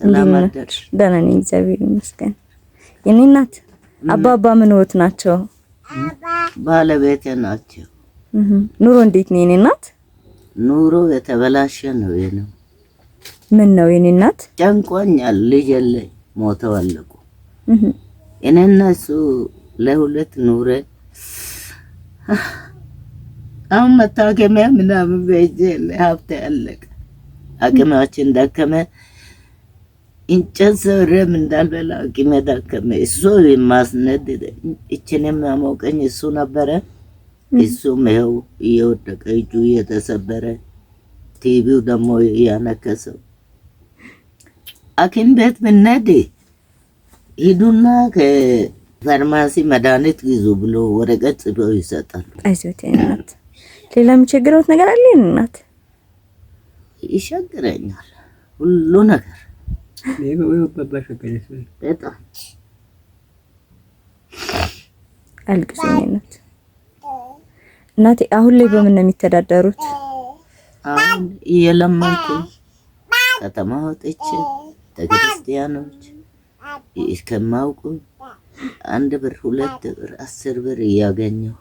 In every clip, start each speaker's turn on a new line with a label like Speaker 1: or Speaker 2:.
Speaker 1: ደህና
Speaker 2: ነኝ፣ እግዚአብሔር ይመስገን። የኔ እናት አባባ ምንወት ናቸው?
Speaker 3: ባለቤቴ ናቸው።
Speaker 2: ኑሮ እንዴት ነው የኔ እናት?
Speaker 3: ኑሮ የተበላሸ ነው የኔ።
Speaker 2: ምን ነው የኔ እናት?
Speaker 3: ጨንቆኛል። ልጅ የለኝ፣ ሞተው አለቁ። እኔና እሱ ለሁለት ኑረ አሁን መታከሚያ ምናምን በእጄ ሀብቴ አለቀ። አቅማችን ደከመ። እንጨት ሰብሬም እንዳልበላ አቅሜ ደከመ። እሱ የማስነድደኝ እችን የሚያሞቀኝ እሱ ነበረ። እሱም ይኸው እየወደቀ እጁ እየተሰበረ ቲቪው ደግሞ እያነከሰው አኪም ቤት ብንሄድ ሂዱና ከፋርማሲ መድኃኒት ግዙ ብሎ ወረቀት ጽፎ ይሰጣሉ።
Speaker 2: አይዞት እናት፣ ሌላ የሚቸግረውት ነገር አለ እናት?
Speaker 3: ይቸግረኛል ሁሉ ነገር
Speaker 4: በጣም
Speaker 2: አልቅሰኝ ናት እናቴ። አሁን ላይ በምን ነው የሚተዳደሩት?
Speaker 3: አሁን እየለመንኩ ከተማ ወጥቼ ተክርስቲያኖች እስከማውቁ አንድ ብር፣ ሁለት ብር፣ አስር ብር እያገኘሁ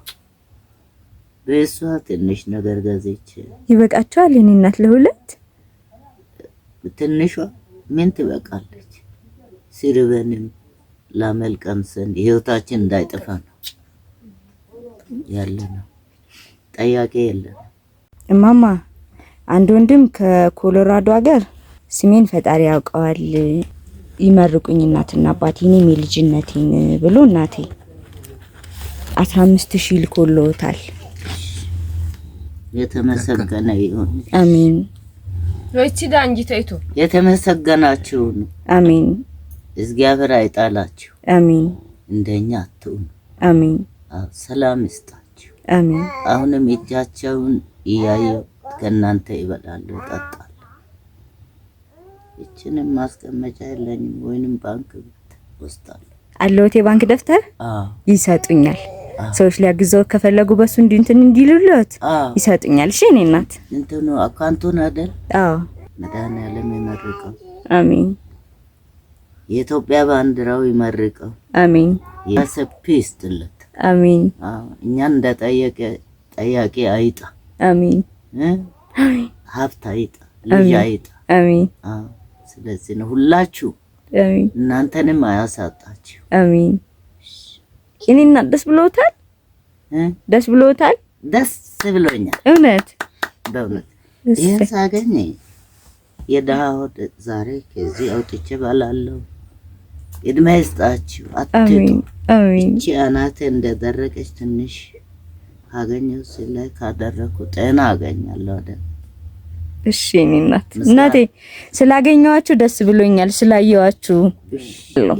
Speaker 3: በእሷ ትንሽ ነገር ገዝቼ
Speaker 2: ይበቃቸዋል። የኔ እናት ለሁለት
Speaker 3: ትንሿ ምን ትበቃለች? ሲርበንም ላመልቀም ቀምሰን ህይወታችን እንዳይጠፋ ነው ያለ ነው። ጠያቄ የለም።
Speaker 2: እማማ አንድ ወንድም ከኮሎራዶ ሀገር ስሜን ፈጣሪ ያውቀዋል ይመርቁኝ እናትና አባቴ እኔም የልጅነቴን ብሎ እናቴ አስራ አምስት ሺህ ልኮልዎታል።
Speaker 3: የተመሰገነ ይሁን።
Speaker 2: አሜን ሎቺዳ አሜን።
Speaker 3: እግዚአብሔር አይጣላችሁ አሜን። እንደኛ አትሁኑ አሜን። ሰላም ይስጣችሁ አሁንም እጃቸውን እያየው ከእናንተ ይበላለሁ ጠጣለሁ። ይችንም ማስቀመጫ የለኝም ወይንም ባንክ ቤት
Speaker 2: ወስዳለሁ። የባንክ ደብተር ይሰጡኛል። ሰዎች ሊያግዘው ከፈለጉ በሱ እንዲ እንትን እንዲሉለት ይሰጡኛል። እሺ እኔ እናት
Speaker 3: እንትኑ አካንቱን አይደል? አዎ መድኃኒዓለም ይመርቀው፣ አሜን። የኢትዮጵያ ባንዲራው ይመርቀው፣ አሜን። የሰፊ ይስጥለት፣ አሜን። እኛን እንደ ጠየቀ ጠያቂ አይጣ፣ አሜን። ሀብት አይጣ፣ ልጅ አይጣ፣ አሜን። ስለዚህ ነው ሁላችሁ እናንተንም አያሳጣችሁ፣
Speaker 2: አሜን። የኔና ደስ ብሎታል፣ ደስ ብሎታል፣
Speaker 3: ደስ ብሎኛል። እውነት በእውነት ይሄን ሳገኝ የድሃ ዛሬ ከዚህ አውጥቼ ባላለሁ። እድሜ ይስጣችሁ። አትጡ እቺ አናቴ እንደደረቀች ትንሽ አገኘው ስለ ካደረኩ ጤና አገኛለሁ አይደል
Speaker 2: እሺ እኔ እናት እናቴ ስላገኘኋችሁ ደስ ብሎኛል። ስላየኋችሁ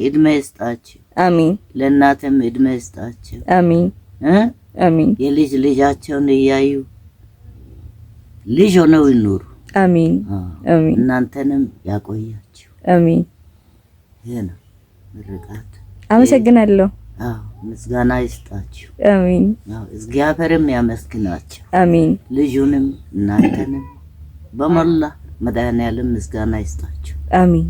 Speaker 3: እድሜ ይስጣችሁ። አሚን። ለእናትም እድሜ ይስጣችሁ።
Speaker 2: አሚን አሚን።
Speaker 3: የልጅ ልጃቸውን እያዩ ልጅ ሆነው ይኑሩ።
Speaker 2: አሚን አሚን።
Speaker 3: እናንተንም ያቆያችሁ። አሚን። ይሄ ነው ምርቃት።
Speaker 2: አመሰግናለሁ።
Speaker 3: አዎ ምስጋና ይስጣችሁ። አሚን። አዎ እግዚአብሔርም ያመስግናችሁ። አሚን። ልጁንም እናንተንም በመላ መድኃኔዓለም ምስጋና ይስጣቸው።
Speaker 2: አሚን።